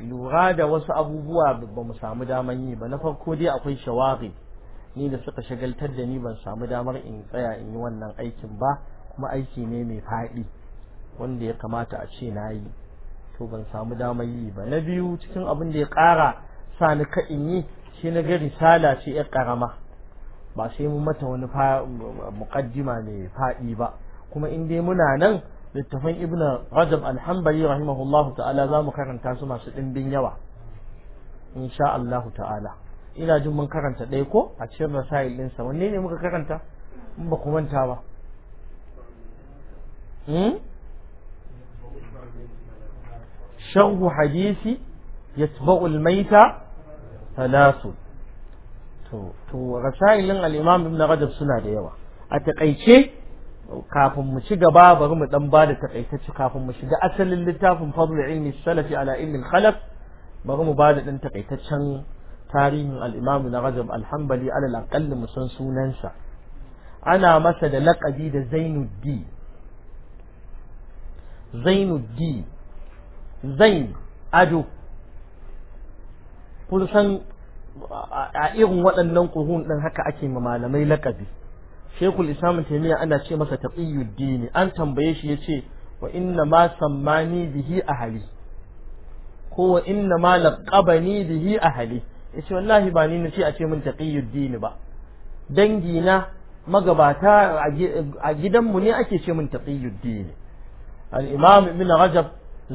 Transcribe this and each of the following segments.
lura da wasu abubuwa ba mu samu damar yi ba na farko dai akwai shawari ni da suka shagaltar da ni ban samu damar in tsaya in yi wannan aikin ba kuma aiki ne mai faɗi wanda ya kamata a ce na yi to ban samu damar yi ba na biyu cikin abin da ya ƙara sa ni ka in yi shi na ga risala ce yar ƙarama ba sai mu mata wani muƙaddima mai faɗi ba kuma in dai muna nan littafin ibn rajab alhambali rahimahullahu ta'ala za mu karanta su masu ɗimbin yawa insha Allah ta'ala ina jin mun karanta ɗaya ko a cikin rasail ɗinsa wanne ne muka karanta Mun ba ku manta ba hmm? sharhu hadisi yatba'u al-maita thalathu to to al-imam ibn rajab suna da yawa a taƙaice kafin mu ci gaba bari mu dan bada takaitacce kafin mu shiga asalin littafin fadlu ilmi salafi ala ilmi khalaf bari mu bada dan takaitaccen tarihin al-imam na rajab al-hanbali ala al mu san sunansa ana masa da laqabi da zainuddin zainuddin zain ado kun san a irin waɗannan kuhun ɗin haka ake ma malamai laƙabi shekul islam taimiyya ana ce masa taqiyuddini an tambaye shi yace wa inna ma sammani bihi ahli ko wa inna ma laqabani bihi ahli yace wallahi ba ni nace a ce min taqiyuddini ba dangi na magabata a gidan mu ne ake ce min taqiyuddini al-imam ibn rajab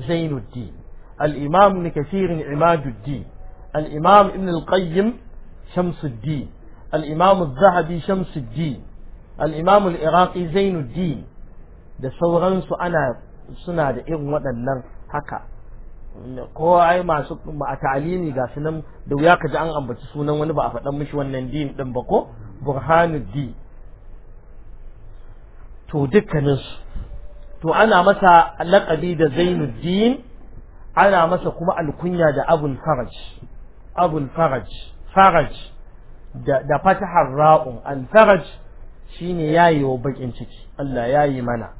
zainuddin al-imam ibn kathir imaduddin al-imam ibn al-qayyim shamsuddin al-imam az-zahabi shamsuddin al-imam al-iraqi da sauransu ana suna da irin waɗannan haka ko ai masu a ta'alimi ga su nan da wuya ka ji an ambaci sunan wani ba a faɗan mishi wannan din ɗin ba ko burhanuddin to dukkaninsu to ana masa laƙabi da zainuddin ana masa kuma alkunya da abul faraj abul faraj faraj da fatahar ra'un al faraj shine yi wa bakin ciki Allah yayi mana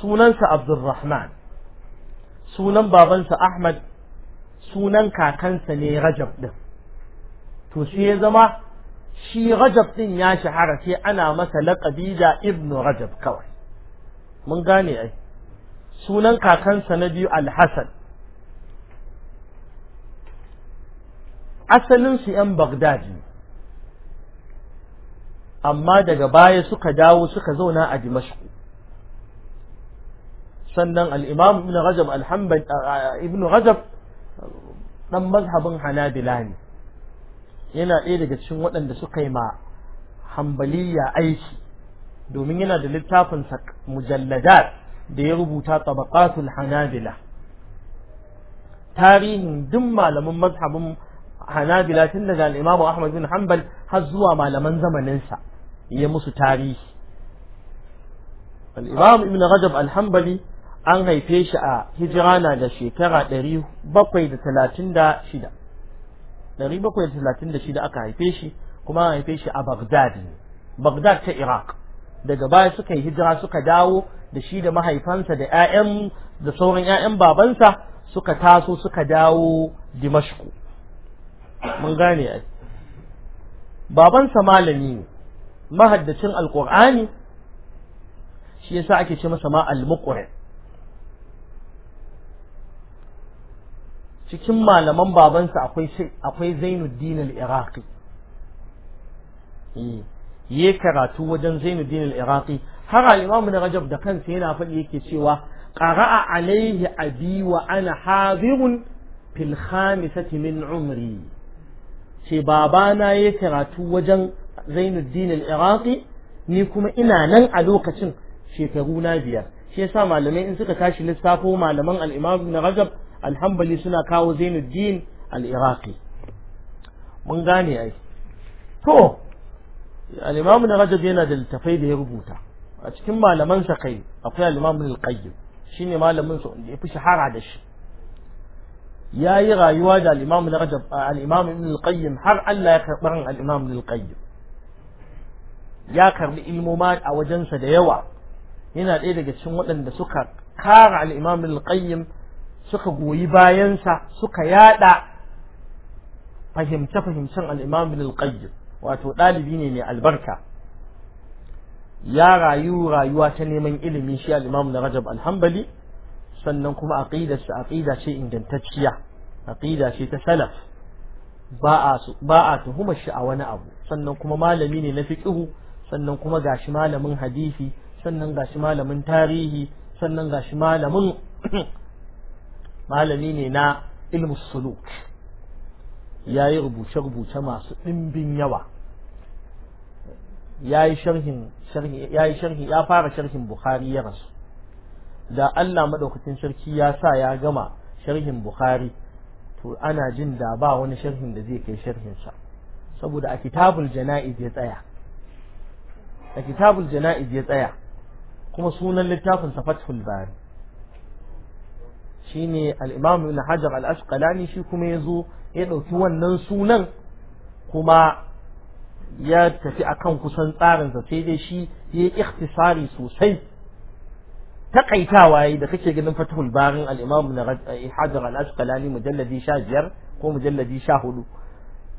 sunansa Abdurrahman sunan babansa Ahmad sunan kakansa ne Rajab din to shi ya zama shi Rajab din ya shahara sai ana masa laƙabi da ibnu Rajab kawai mun gane ai sunan kakansa na biyu alhassan asalinsu ‘yan bagdadi. ne, amma daga baya suka dawo suka zauna a dimashku sannan al'imam ibn rajab ibn rajab ɗan mazhabin hanabila ne yana ɗaya daga cikin waɗanda suka yi ma hambaliya aiki domin yana da littafin mujallada da ya rubuta tabaqatul hanabila tarihin duk malamin mazhabin hanabila tun daga al'imamu ahmad bin hanbal har zuwa malaman zamaninsa ya musu tarihi alimam ibn rajab alhambali an haife shi a hijira na da shekara 736 shida aka haife shi kuma an haife shi a Baghdad Baghdad ta Iraq daga baya suka yi hijira suka dawo da shi da mahaifansa da ƴaƴan da sauran yayan babansa suka taso suka dawo Dimashku mun gane babansa malami ne mahaddacin alqur'ani shi yasa ake ce masa ma al cikin malaman babansa akwai akwai Zainuddin al-Iraqi eh, yi karatu wajen Zainuddin al-Iraqi har al-Imam Rajab da kansa yana faɗi yake cewa qara'a alaihi abi wa ana hadirun fil khamisati min umri ce babana yayi karatu wajen Zainuddin al-Iraqi ni kuma ina nan a lokacin shekaru na biyar shi yasa malamai in suka tashi lissafo malaman al-Imam Ibn Rajab al-Hanbali suna kawo Zainuddin al-Iraqi mun gane ai to al-Imam Ibn Rajab yana da littafai da ya rubuta a cikin malaman sa kai akwai al-Imam Ibn Qayyim shine malamin sa da ya fi shahara da shi yayi rayuwa da al-Imam Ibn Rajab al-Imam Ibn Qayyim har Allah ya karɓar al-Imam Ibn Qayyim ya karbi ilmoma a wajensa da yawa yana ɗaya daga cikin waɗanda suka kara al-imam suka goyi bayansa suka yada fahimce fahimcen al-imam wato ɗalibi ne mai albarka ya rayu rayuwa ta neman ilimi shi al-imam rajab alhambali sannan kuma a aqida ce ingantacciya aqida ce ta salaf ba a tuhumar shi a wani abu sannan kuma malami ne na fiqhu sannan kuma gashi malamin hadisi sannan gashi malamin tarihi sannan gashi malamin malami ne na ilmu suluk ya yi rubuce-rubuce masu ɗimbin yawa ya yi sharhin ya fara sharhin bukhari ya rasu da allah maɗaukacin sarki ya sa ya gama sharhin bukhari to ana jin da ba wani sharhin da zai kai sharhinsa saboda a kitabul jana'iz ya tsaya a kitabul jana'iz ya tsaya kuma sunan littafin sa fathul bari shine al-imam ibn hajar al-asqalani shi kuma yazo ya dauki wannan sunan kuma ya tafi akan kusan tsarin sa sai dai shi ya yi ikhtisari sosai takaitawa yayi da kake ganin fathul barin al-imam ibn eh, hajar al-asqalani mujalladi 15 ko mujalladi 14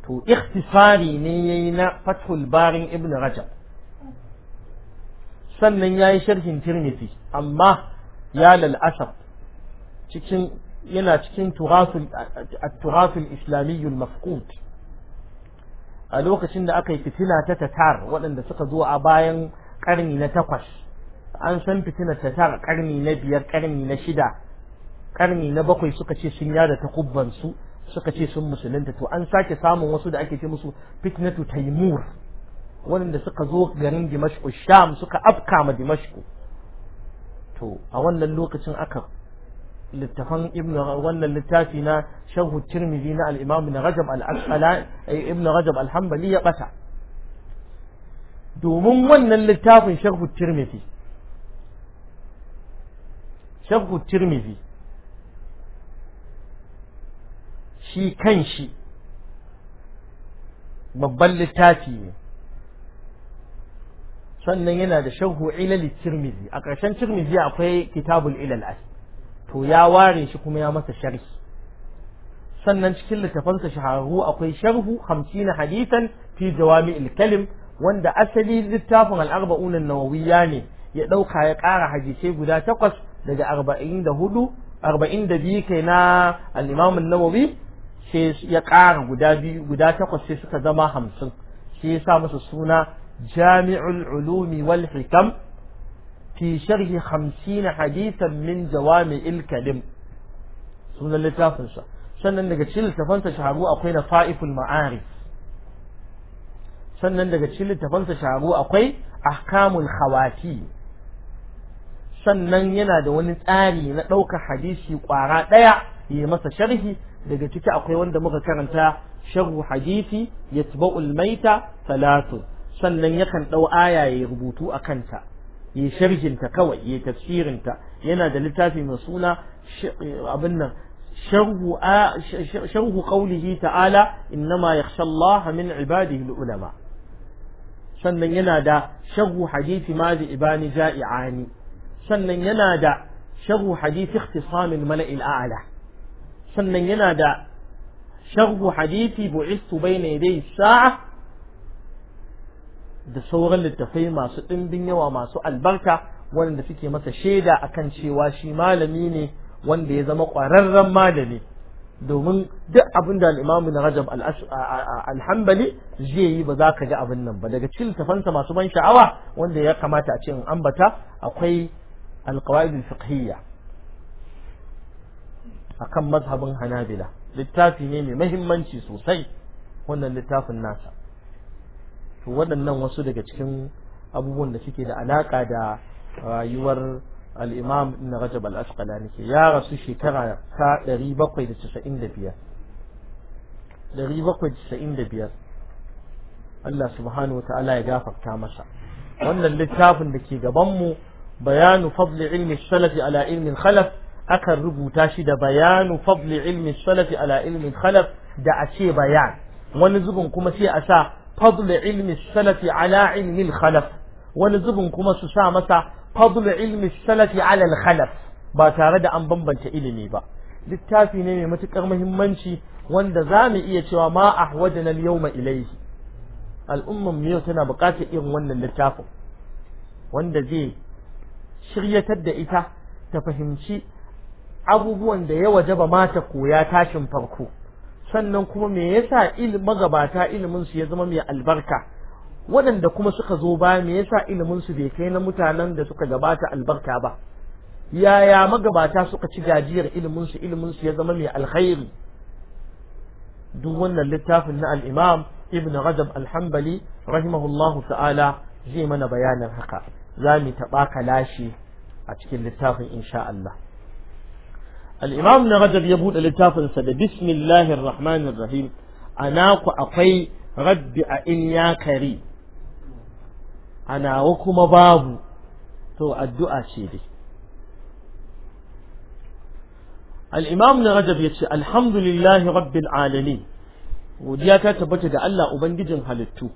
to ikhtisari ne yayi na fathul barin ibn rajab sannan ya yi sharhin tirmidhi amma ya lal'asaf cikin yana cikin turafin islamiyyul mafqud a lokacin da aka yi fitina ta tatar waɗanda suka zo a bayan ƙarni na takwas an san fitina tatar ƙarni na biyar ƙarni na shida ƙarni na bakwai suka ce sun yada takubbansu suka ce sun musulunta to an sake samun wasu da ake ce musu fitnatu taimur waɗanda suka zo garin dimashku sham suka afka ma dimashku to a wannan lokacin aka littafan ibn wannan littafi na shahu tirmidhi na al-imam ibn rajab al-asqalani eh, ibn rajab al-hanbali ya bata domin wannan littafin shahu tirmidhi shahu tirmidhi shi kanshi babban littafi ne sannan yana da sharhu ilali tirmizi a ƙarshen tirmizi akwai kitabul ilal as to ya ware shi kuma ya masa sharhi sannan cikin littafansa shahararru akwai sharhu 50 hadisan fi jawami'il kalim wanda asali littafin al-arba'un an-nawawiyya ne ya dauka ya ƙara hadisai guda takwas daga 44 42 kai na al-imam an-nawawi sai ya ƙara guda biyu guda takwas sai suka zama hamsin sai ya sa musu suna جامع العلوم والحكم في شرح خمسين حديثا من جوامع الكلم سنة لتافن شا sannan daga cikin littafansa shaharu akwai na fa'iful ma'arif sannan daga cikin littafansa shaharu akwai ahkamul khawati sannan yana da wani tsari na ɗaukar hadisi ƙwara ɗaya ya masa sharhi daga ciki akwai wanda muka karanta sharhu hadisi yatba'ul maita talatu. sannan yakan ɗau aya ya rubutu a kanta ya sharhinta kawai ya tafsirinta yana da littafi mai suna abin nan sharhu qawlihi ta'ala innama yakhsha Allah min ibadihi ulama sannan yana da sharhu hadithi ma bi ibani ja'iani sannan yana da sharhu hadithi ikhtisam al-mala'i al-a'la sannan yana da sharhu hadithi bu'istu bayna yaday as-sa'a da sauran littafai masu ɗimbin yawa masu albarka wanda suke masa shaida akan cewa shi malami ne wanda ya zama ƙwararren malami domin duk abin da al'imamu na rajab alhambali zai yi ba za ka ga abin nan ba daga cikin littafansa masu ban sha'awa wanda ya kamata a ce in ambata akwai alƙawa'id fiqhiyya akan mazhabin hanabila littafi ne mai mahimmanci sosai wannan littafin nasa to waɗannan wasu daga cikin abubuwan da suke da alaƙa da rayuwar al'imam na rajab al'asƙalani ke ya rasu shekara ta 795 Allah subhanahu wa ta'ala ya gafarta masa wannan littafin da ke gabanmu bayanu fadli ilmi salafi ala ilmin khalaf akan rubuta shi da bayanu fadli ilmi salafi ala ilmin khalaf da a ce bayan wani zubin kuma sai a sa fadl ilmi salafi ala ilmi khalaf wani zubin kuma su sa masa fadl ilmi salafi ala khalaf ba tare da an bambanta ilimi ba littafi ne mai matukar muhimmanci wanda za mu iya cewa ma ahwajana al-yawma ilaihi al'ummar mu yau tana bukatar irin wannan littafin wanda zai shiryatar da ita ta fahimci abubuwan da ya wajaba mata koya tashin farko sannan kuma me yasa ilimin magabata ilimin su ya zama mai albarka waɗanda kuma suka zo ba me yasa ilimin su bai kai na mutanen da suka gabata albarka ba yaya magabata suka ci gajiyar ilimin su ilimin su ya zama mai alkhairi duk wannan littafin na al-Imam Ibn Rajab al-Hanbali rahimahullahu ta'ala zai mana bayanin haka za mu taɓa kalashi a cikin littafin insha Allah al-imam rajab ya buɗe littafinsa da bismillahir rahmanir rahim ana akwai rabbi a in ya kari ana kuma babu to addu'a ce dai al-imam na rajab ya ce alhamdulillahi rabbil alamin godiya ta tabbata ga Allah ubangijin halittu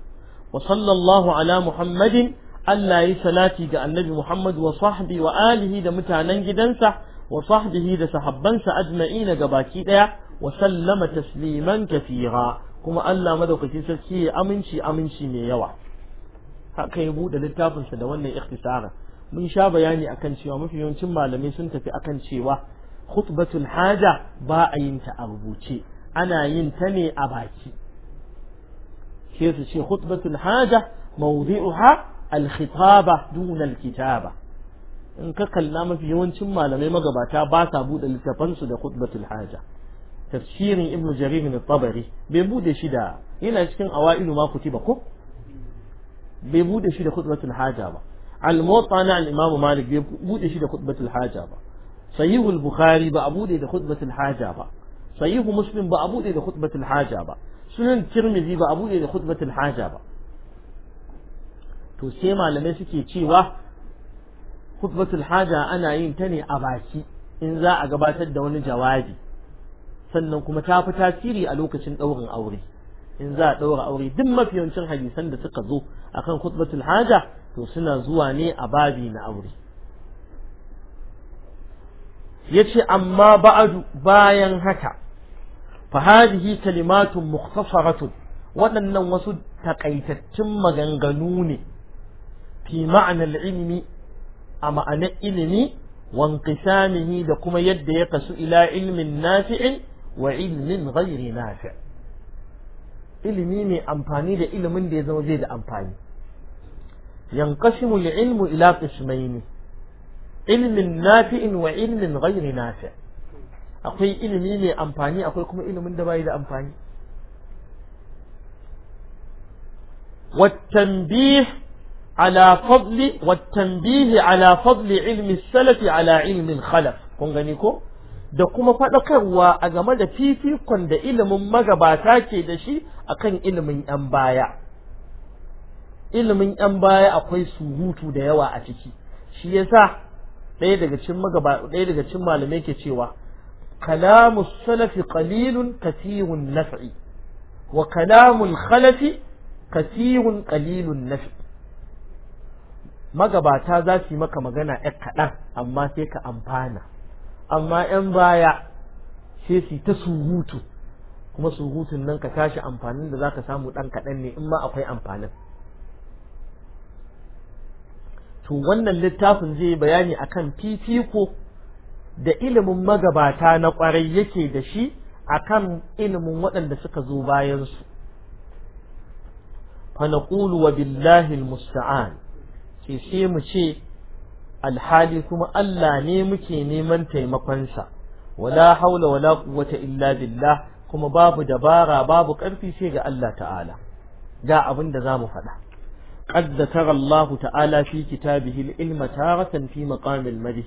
wa sallallahu ala muhammadin Allah yi salati ga annabi muhammadu wa sahbi wa alihi da mutanen gidansa وصحبه ده صحبان سأجمعين قباكي ده وسلم تسليما كثيرا كما sarki ya aminci aminci mai yawa. haka ya buɗe littafinsa da wannan ikhtisarin mun sha bayani akan cewa mafi yawancin malamai sun tafi akan cewa khutbatul haja ba a yin ta a rubuce ana yin ta ne a baki sai su ce khutbatul haja mawdi'uha al-khitaba dun al-kitaba in ka kalla mafi yawancin malamai magabata ba sa buɗe littafansu da khutbatul haja tafsirin ibnu jarir min tabari bai bude shi da yana cikin awailu ma kutiba ko bai bude shi da khutbatul haja ba al-muwatta na al-imam malik bai bude shi da khutbatul haja ba sahihul bukhari ba a buɗe da khutbatul haja ba sahihu muslim ba a buɗe da khutbatul haja ba sunan tirmizi ba a buɗe da khutbatul haja ba to sai malamai suke cewa khutbatul haja ana yin ta ne a baki in za a gabatar da wani jawabi sannan kuma ta fi tasiri a lokacin ɗaurin aure in za a ɗaura aure duk mafiyancin hadisan da suka zo akan khutbatul haja to suna zuwa ne a babi na aure yace amma ba'adu bayan haka fa hadhihi kalimatun mukhtasaratun waɗannan wasu takaitattun maganganu ne fi ma'anar ilimi a ma'anar ilimi wanqisamihi da kuma yadda ya kasu ila ilmin nafi'in wa ilmin ghairi nafi' ilimi mai amfani da ilimin da ya zama zai da amfani yanqasimu al-ilmu ila qismaini ilmin nafi'in wa ilmin ghairi nafi' akwai ilimi mai amfani akwai kuma ilimin da bai da amfani والتنبيه ala fadli wa tanbihi ala fadli ilmi salafi ala ilmin khalaf kun gani ko da kuma faɗakarwa a game da fifikon da ilimin magabata ke da shi akan ilimin yan baya ilimin yan baya akwai surutu da yawa a ciki shi yasa ɗaya daga cin ɗaya daga malamai ke cewa kalamu salafi ƙalilun kasirun naf'i wa kalamun khalafi kasirun ƙalilun naf'i magabata za su yi maka magana ‘yar kaɗan amma sai ka amfana amma ‘yan baya sai su ta surutu kuma surutun nan ka tashi amfanin da za ka samu ɗan kaɗan ne in ma akwai amfanin to wannan littafin zai yi bayani a kan fifiko da ilimin magabata na ƙwarai yake da shi a kan ilimin waɗanda suka zo bayansu fa ƙulu wa billahi musta'an ce mu ce alhali kuma Allah ne muke neman taimakonsa wala haula wala quwwata illa billah kuma babu dabara babu ƙarfi sai ga Allah ta'ala da abin da zamu faɗa qad zakara Allah ta'ala fi kitabihi al ilmata taratan fi maqam al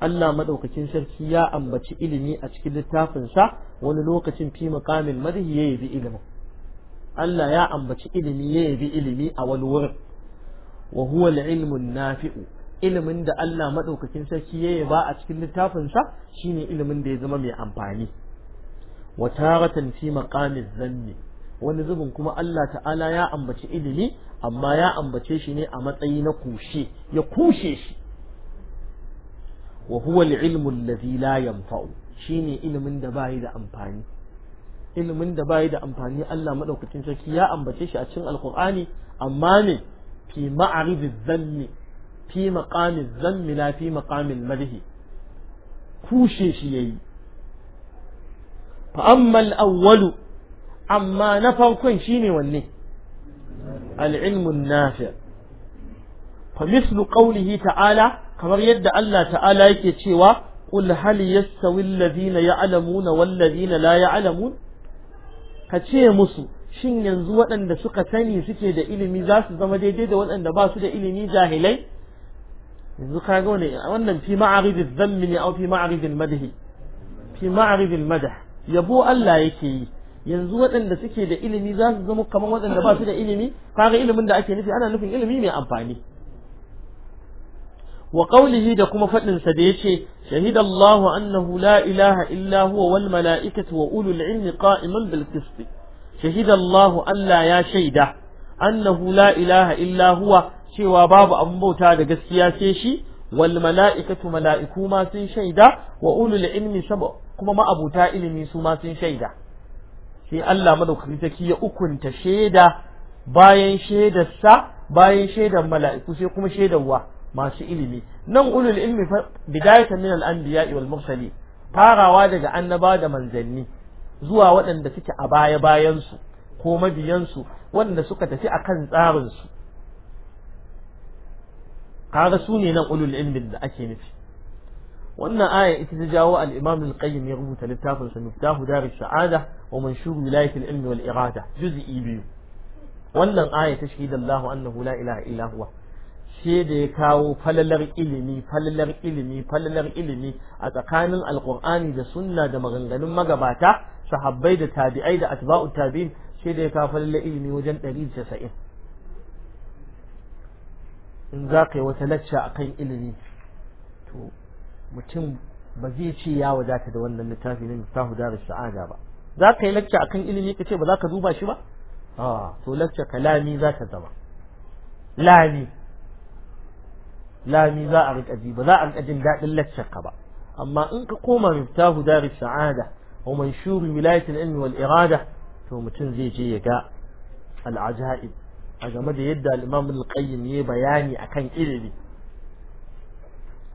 Allah madaukakin sarki ya ambaci ilimi a cikin littafin sa wani lokacin fi maqam al-madh yayi bi ilimin Allah ya ambaci ilimi yayi bi ilimi a wani wurin wa huwa al-ilmun nafi'u ilimin da Allah madaukakin sarki yayi ba a cikin littafinsa sa shine ilimin da ya zama mai amfani wa taratan fi maqamiz zanni wani zubin kuma Allah ta'ala ya ambaci ilimi amma ya ambace shi ne a matsayi na kushe ya kushe shi wa huwa al-ilmu alladhi la yanfa'u shine ilimin da bai da amfani ilimin da bai da amfani Allah madaukakin sarki ya ambace shi a cikin alqur'ani amma ne في معرض الذم في مقام الذم لا في مقام المدح كوشي شيئي فأما الأول أما كون شيني وني العلم النافع فمثل قوله تعالى كما يد الله تعالى يكتشوا قل هل يستوي الذين يعلمون والذين لا يعلمون كتشي مسلم shin yanzu waɗanda suka sani suke da ilimi za su zama daidai da waɗanda ba su da ilimi jahilai yanzu ka ga wani wannan fi ma'arid zammi ne au fi ma'arid madhi fi ma'arid madah yabo Allah yake yi yanzu waɗanda suke da ilimi za su zama kamar waɗanda ba su da ilimi kaga ilimin da ake nufi ana nufin ilimi mai amfani wa qawlihi da kuma fadin sa da yace shahida Allah annahu la ilaha illa huwa wal mala'ikatu wa ulul ilmi qa'iman bil qist Shahidallahu Allah ya shaida annahu la ilaha illa huwa cewa babu abin bauta da gaskiya sai shi wal mala'ikatu mala'iku ma sun shaida wa ulul ilmi kuma ma'abuta ilimi su ma sun shaida sai Allah madaukaki take ya ukunta shaida bayan shaidarsa bayan shaidar mala'iku sai kuma shaidarwa masu ilimi nan ulul ilmi bidayatan min al anbiya wal mursalin farawa daga annaba da manzanni zuwa waɗanda suke a baya bayansu ko mabiyansu waɗanda suka tafi akan tsarinsu kaga su ne nan ulul ilmin da ake nufi wannan aya ita ta jawo al-imam al-qayyim ya rubuta littafin sa miftahu sa'ada wa manshuru wilayat al-ilm wal irada juz'i biyu wannan aya ta shahida Allah annahu la ilaha illa huwa she da ya kawo falalar ilimi falalar ilimi falalar ilimi a tsakanin alqur'ani da sunna da maganganun magabata sahabbai da tabi'ai da atba'u tabi'in sai da ya kafa lalle ilimi wajen 190 in za ka yi wata lacca akan ilimi to mutum ba zai ce ya wadata da wannan littafi na miftahu darus sa'ada ba za ka yi lacca akan ilimi ka ce ba za ka duba shi ba a to lacca kalami za ta zama lami lami za a riƙa ji ba za a riƙa jin daɗin laccar ka ba amma in ka koma miftahu darus sa'ada wa manshuri wilayatul ilmi wal irada to mutum zai je ya ga al'ajaib a game da yadda al-imam al-qayyim ya bayani akan ilimi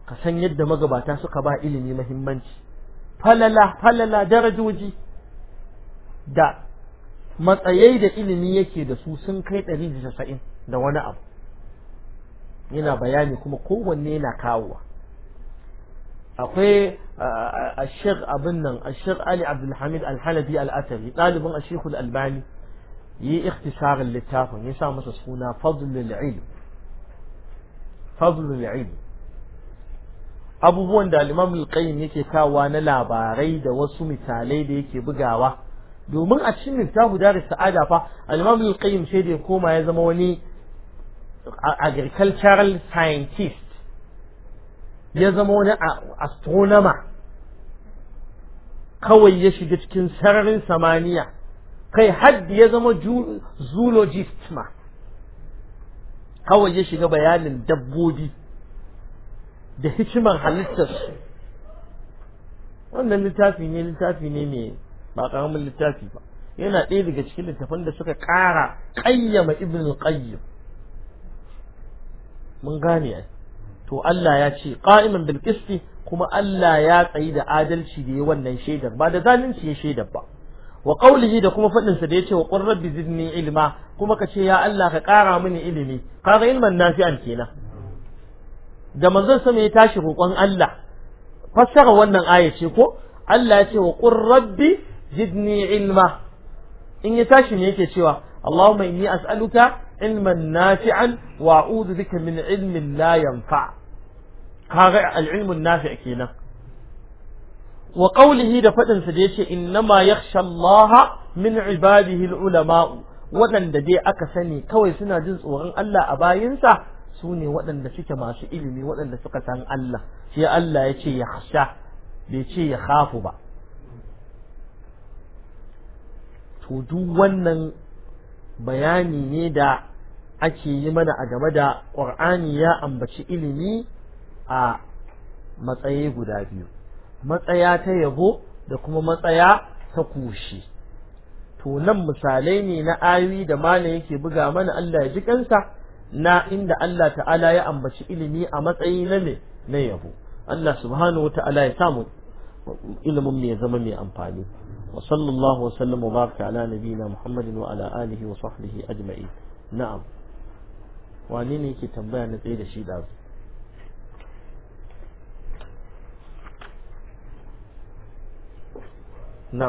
ka san yadda magabata suka ba ilimi muhimmanci falala falala darajoji da matsayai da ilimi yake da su sun kai 190 da wani abu yana bayani kuma kowanne yana kawo akwai الشيخ أبنن الشيخ علي عبد الحميد الحلبي الأثري طالب الشيخ الألباني yi ikhtisarin littafin ya sa masa suna fadlul ilm abubuwan da al-imam yake kawa na labarai da wasu misalai da yake bugawa domin a cikin da da sa'ada fa al-imam al ya sai da koma ya zama wani agricultural scientist ya zama wani astronomer kawai ya shiga cikin sararin samaniya kai haddi ya zama zoologist ma kawai ya shiga bayanin dabbobi da hikimar halittarsu wannan littafi ne littafi ne mai ba karamin littafi ba yana ɗaya daga cikin littafan da suka ƙara ƙayyama ibn qayyim mun gane to Allah ya ce qa'iman bil qisti kuma Allah ya tsayi da adalci da ya wannan shaidar ba da zalunci ya shaidar ba wa qawlihi da kuma fadin sa da yace wa qur rabbi zidni ilma kuma ce ya Allah ka kara mini ilimi kaga ilman nafi'an kenan da manzon sa ya tashi roƙon Allah fassara wannan aya ce ko Allah ya ce wa qur rabbi zidni ilma in ya tashi ne yake cewa Allahumma inni as'aluka ilman nafi'an wa a'udhu bika min ilmin la yanfa' kaga al nafi' kenan wa qawlihi da fadin sa da yace innama yakhsha Allah min ibadihi al-ulama waɗanda dai aka sani kawai suna jin tsoron Allah a bayinsa sune waɗanda suke masu ilimi waɗanda suka san Allah sai Allah ya ce ya bai ce ya khafu ba to duk wannan bayani ne da ake yi mana a game da ƙur'ani ya ambaci ilimi a matsayi guda biyu matsaya ta yabo da kuma matsaya ta kushi to nan misalai ne na ayoyi da malam yake buga mana Allah ya ji kansa na inda Allah ta'ala ya ambaci ilimi a matsayi na ne na yabo Allah subhanahu wata'ala ya samu ilimin mai zama mai amfani wa sallallahu wa sallam wa ala nabiyina Muhammadin wa ala alihi wa sahbihi ajma'in na'am wani ne yake tambaya na tsaye da shi da Hmm.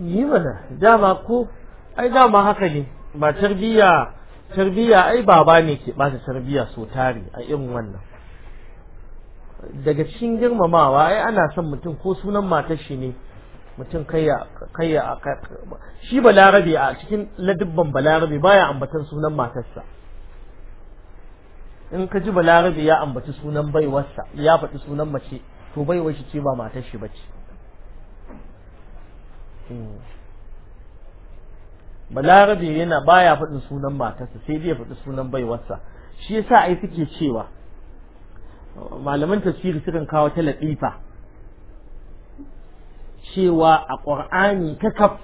yi mana dama ko ai dama haka ne ba tarbiyya tarbiyya ai baba ne ke ta tarbiyya so tare a irin wannan daga cikin girmamawa ai ana son mutum ko sunan matar shi ne mutum kayya kayya shi balarabe a cikin ladibban balarabe baya ambatan sunan matarsa in ka ji balarabe ya ambaci sunan baiwarsa ya faɗi sunan mace to baiwar shi ce ba matar shi bace hmm. balarabe yana baya faɗin sunan matarsa sai dai ya faɗi sunan baiwarsa shi yasa ai suke cewa malaman tafsiri sukan kawo ta latifa cewa a ƙur'ani kakaf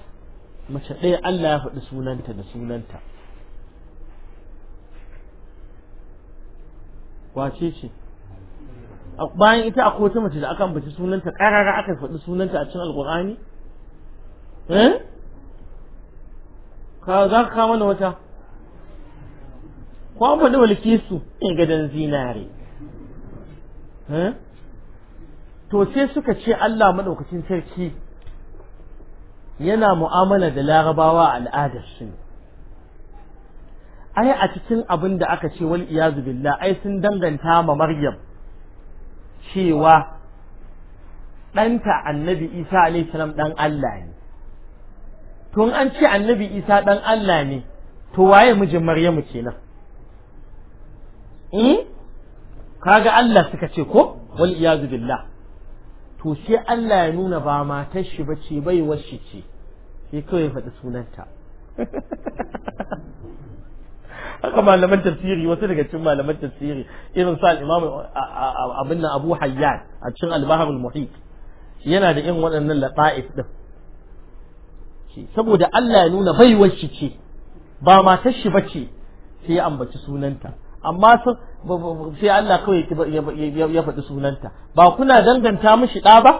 mace ɗaya Allah ya faɗi sunanta da sunanta wace ce bayan ita akwai wata mace da aka ambaci sunanta ƙarara aka faɗi sunanta a cikin alƙur'ani eh ka za ka kama da wata kwan faɗi walke su in eh, gadon zinare eh to sai suka ce Allah maɗaukacin sarki yana mu'amala da larabawa al'adar su ai a cikin abin da aka ce wal iyazu billah ai sun danganta ma maryam cewa ɗanta annabi isa alaihi ɗan Allah ne tun an ce annabi isa ɗan Allah ne to waye mijin maryamu kenan hmm? Ka kaga Allah suka ce ko wal iyazu billah to sai Allah ya nuna ba matar shi ba ce bai washe ce sai kawai faɗi sunanta haka malaman tafsiri wasu daga cikin malaman tafsiri irin sa al-imam abin nan Abu Hayyan a cikin al-Bahr al-Muhit yana da irin waɗannan lata'if din saboda Allah ya nuna baiwar shi ce ba matar shi bace sai ya ambaci sunanta amma sai Allah kawai ya faɗi sunanta ba kuna danganta mishi ɗa ba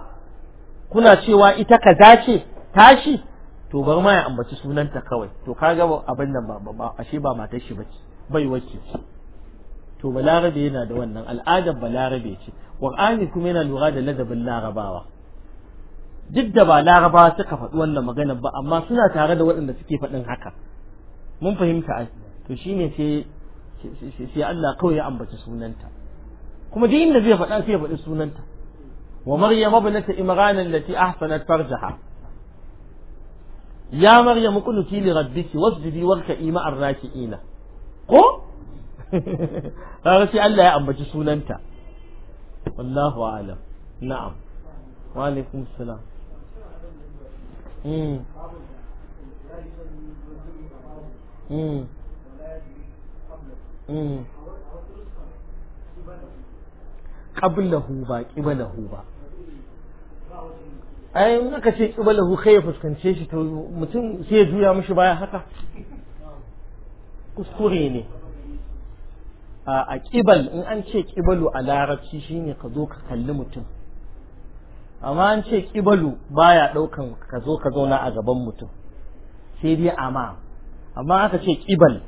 kuna cewa ita ka dace tashi to bar ma ya ambaci sunanta kawai to ka gaba abin nan ba ashe ba matar shi bace bai wacce to balarabe yana da wannan al'adar balarabe ce qur'ani kuma yana lura da ladabin larabawa duk da ba larabawa suka faɗi wannan magana ba amma suna tare da waɗanda suke faɗin haka mun fahimta ai to shine sai sai Allah kawai ya ambaci sunanta kuma duk inda zai faɗa sai ya faɗi sunanta wa maryam ibnata imran allati ahsanat farjaha ya maryam qunuti li rabbiki wasjudi warka'i ma'ar raki'ina ko sai Allah ya ambaci sunanta wallahu a'lam na'am wa alaikum salam mm mm Mm. qablahu ba qiblahu ba ai in aka ce qiblahu kai ya fuskance shi to mutum sai ya juya mishi baya haka kuskure ne a ƙibal in an ce ƙibalu a larabci shine ka zo ka kalli mutum amma an ce ƙibalu baya ɗaukan ka zo ka zauna a gaban mutum sai dai amma amma aka ce ƙibal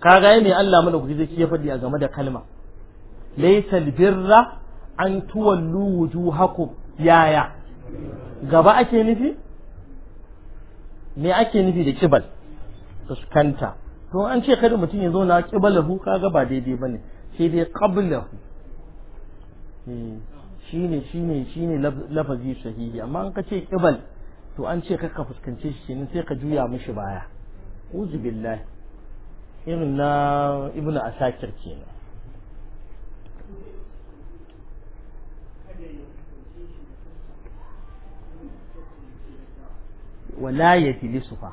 kaga ne Allah mana guji zai ya faɗi a game da kalma laysa birra an tuwallu wujuhakum yaya gaba ake nufi me ake nufi da kibal fuskanta to an ce kada mutum ya zauna kibalahu kaga ba daidai bane sai dai qablahu hmm. shine shine shine lafazi sahihi amma an kace kibal to an ce ka fuskance shi kenan sai ka juya mishi baya uzu billahi irin na ibnu asakir kenan wala yajlisu fa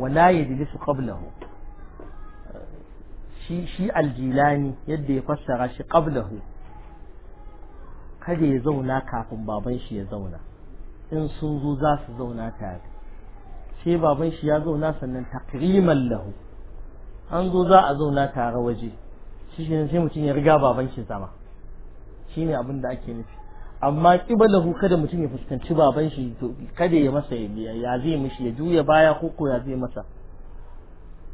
wala yajlisu qablahu shi shi aljilani yadda ya fassara shi qablahu kaje ya zauna kafin baban shi ya zauna in sun zo za su zauna tare sai baban shi ya zauna sannan takriman lahu an zo za a zauna tare waje shi ne sai mutum ya riga baban shi zama shi ne abin da ake nufi amma kibalahu kada mutum ya fuskanci baban shi kada ya masa ya zai mishi ya juya baya ko ko ya zai masa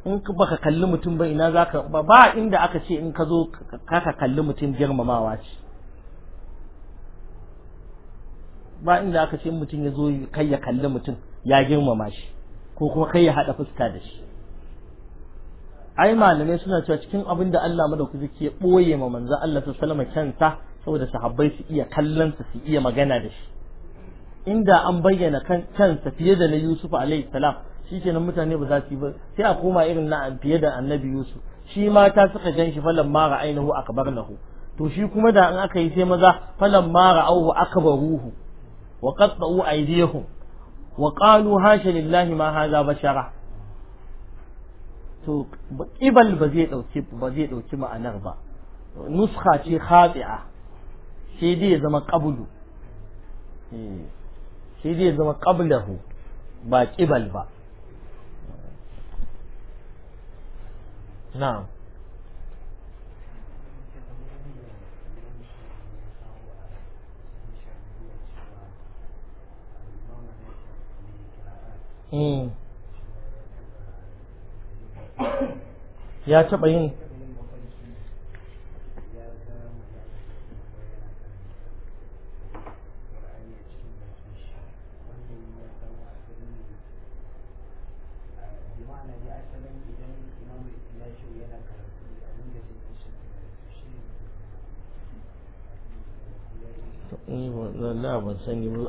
in baka kalli mutum ba ina zaka ba ba inda aka ce in ka zo ka kalli mutum girmamawa ce ba inda aka ce mutum ya zo kai ya kalli mutum ya girmama shi ko kuma kai ya haɗa fuska da shi ai malamai suna cewa cikin abin da Allah madaukaki ya boye ma manzo Allah ta sallama kansa saboda sahabbai su iya kallon su su iya magana da shi inda an bayyana kansa fiye da na Yusuf alaihi salam shikenan mutane ba za su yi ba sai a koma irin na fiye da annabi Yusuf shi mata suka gan shi falan mara ainihu akbarnahu to shi kuma da an aka yi sai maza falan mara auhu akbaruhu wa qatta'u aydiyahum wa qalu hasha lillahi ma hadha bashara to ibal ba zai ɗauki ba zai ɗauki ma'anar ba nuskha ce khati'a sai dai zama qablu eh, sai dai zama qablahu ba ƙibal ba na'am Mm. ya taɓa yin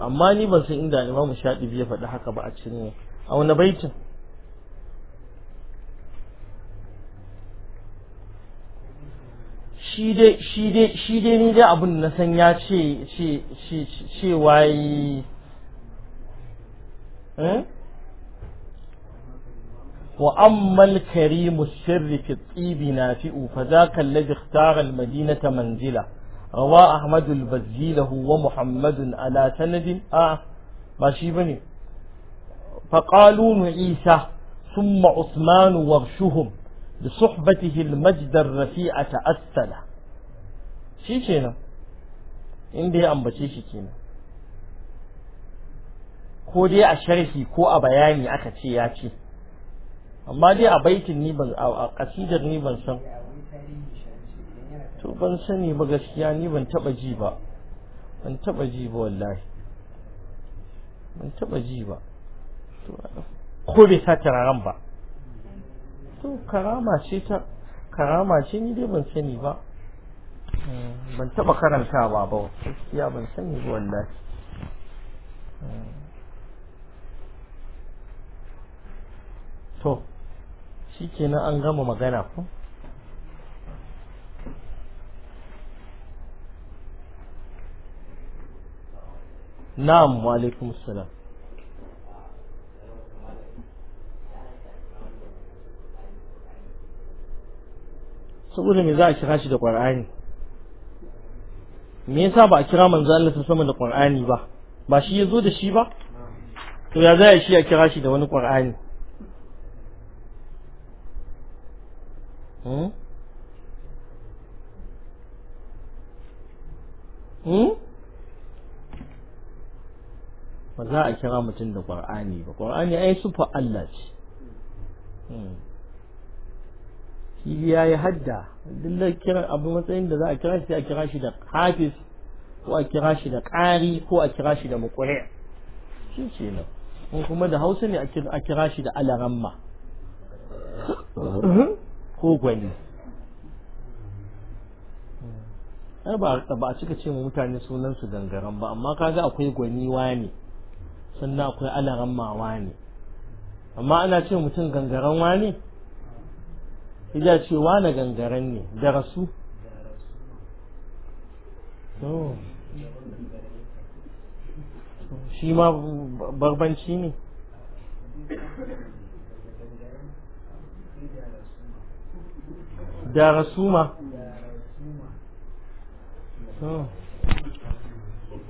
amma ni ban san inda imamu shaɗi ya faɗi haka ba a cikin a wani baitin shi dai shi dai shi dai ni dai abin na san ya ce ce ce ce eh wa ammal karimu sirri fi tibi nafi'u fa zaka alladhi ikhtara al-madinata manzila rawa ahmad al-bazzi wa muhammad ala sanadin a ba shi bane fa qalu isa thumma usman wa shuhum بصحبته المجد الرفيع تأثل shi kenan inda ya ambace shi kenan ko dai a sharhi ko a bayani aka ce ya ce amma dai a baitin ni ban a kasidar ni ban san to ban sani ba gaskiya ni ban taba ji ba ban taba ji ba wallahi ban taba ji ba to ko bai sa turaren ba to karama ce ta karama ce ni dai ban sani ba ban taba karanta ba gaskiya ban sani ba wallahi to shikenan an gama magana ko na'am wa alaikum assalam saboda me za a kira shi da ƙwar'ani me yasa ba a kira manzo Allah ta sama da Qur'ani ba ba shi ya zo da shi ba to ya zai shi ya kira shi da wani Qur'ani hmm hmm ba za a kira mutum da Qur'ani ba Qur'ani ai sufa Allah ce hmm shi ya yi hadda duk kiran abu matsayin da za a kira shi a kira shi da hafiz ko a kira shi da ƙari ko a kira shi da muƙure shi ce na kuma da hausa ne a kira shi da alaramma ko gwani ba a cika ce mu mutane sunansu gangaren ba amma kaga akwai gwani wani sannan akwai alaramma wani amma ana ce mutum gangaren wani ya ce wa na gangaren ne da rasu shi ma barbanci ne da ma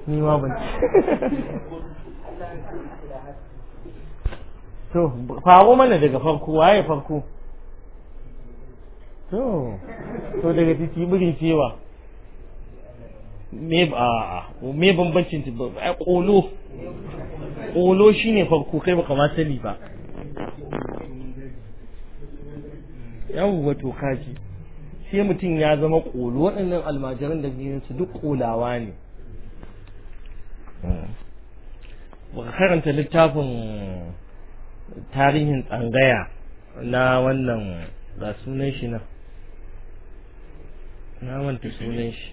ni ma ban to fawo mana daga farko waye farko to to daga titi birin cewa me ba me bambancin ba kolo kolo shine farko kai baka ma sani ba yawwa to kaji sai mutum ya zama kolo waɗannan almajiran da biyan su duk kolawa ne ba karanta littafin tarihin tsangaya na wannan ga sunan shi nan na manta sunan shi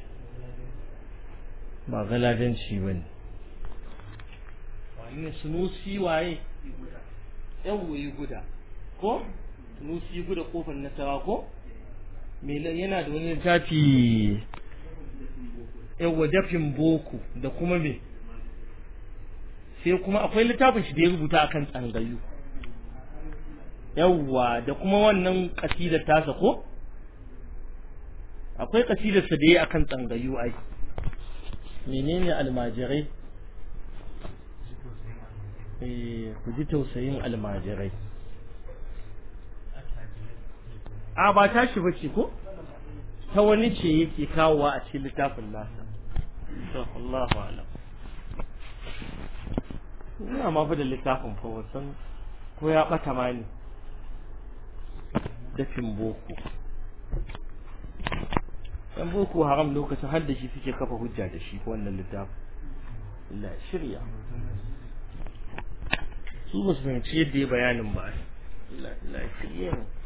ba shi ba ne wani sunusi waye yan wuyi guda ko sunusi guda kofar nasara ko yana da wani littafi yawa dafin boko da kuma me sai kuma akwai littafin shi da ya rubuta akan tsangayu yawwa da kuma wannan kasidar tasa ko akwai kasidarsa da ya akan tsangayu ai menene almajirai eh, ku ji tausayin almajirai a ba tashi ba ce ko ta wani ce yake kawowa a cikin littafin nasa Allahu alam ina ma da littafin fa wasan ko ya bata mani dafin boko yan boko haram lokacin har da shi suke kafa hujja da shi wannan littafin la shirya su ba su fahimci yadda ya bayanin ba la shirya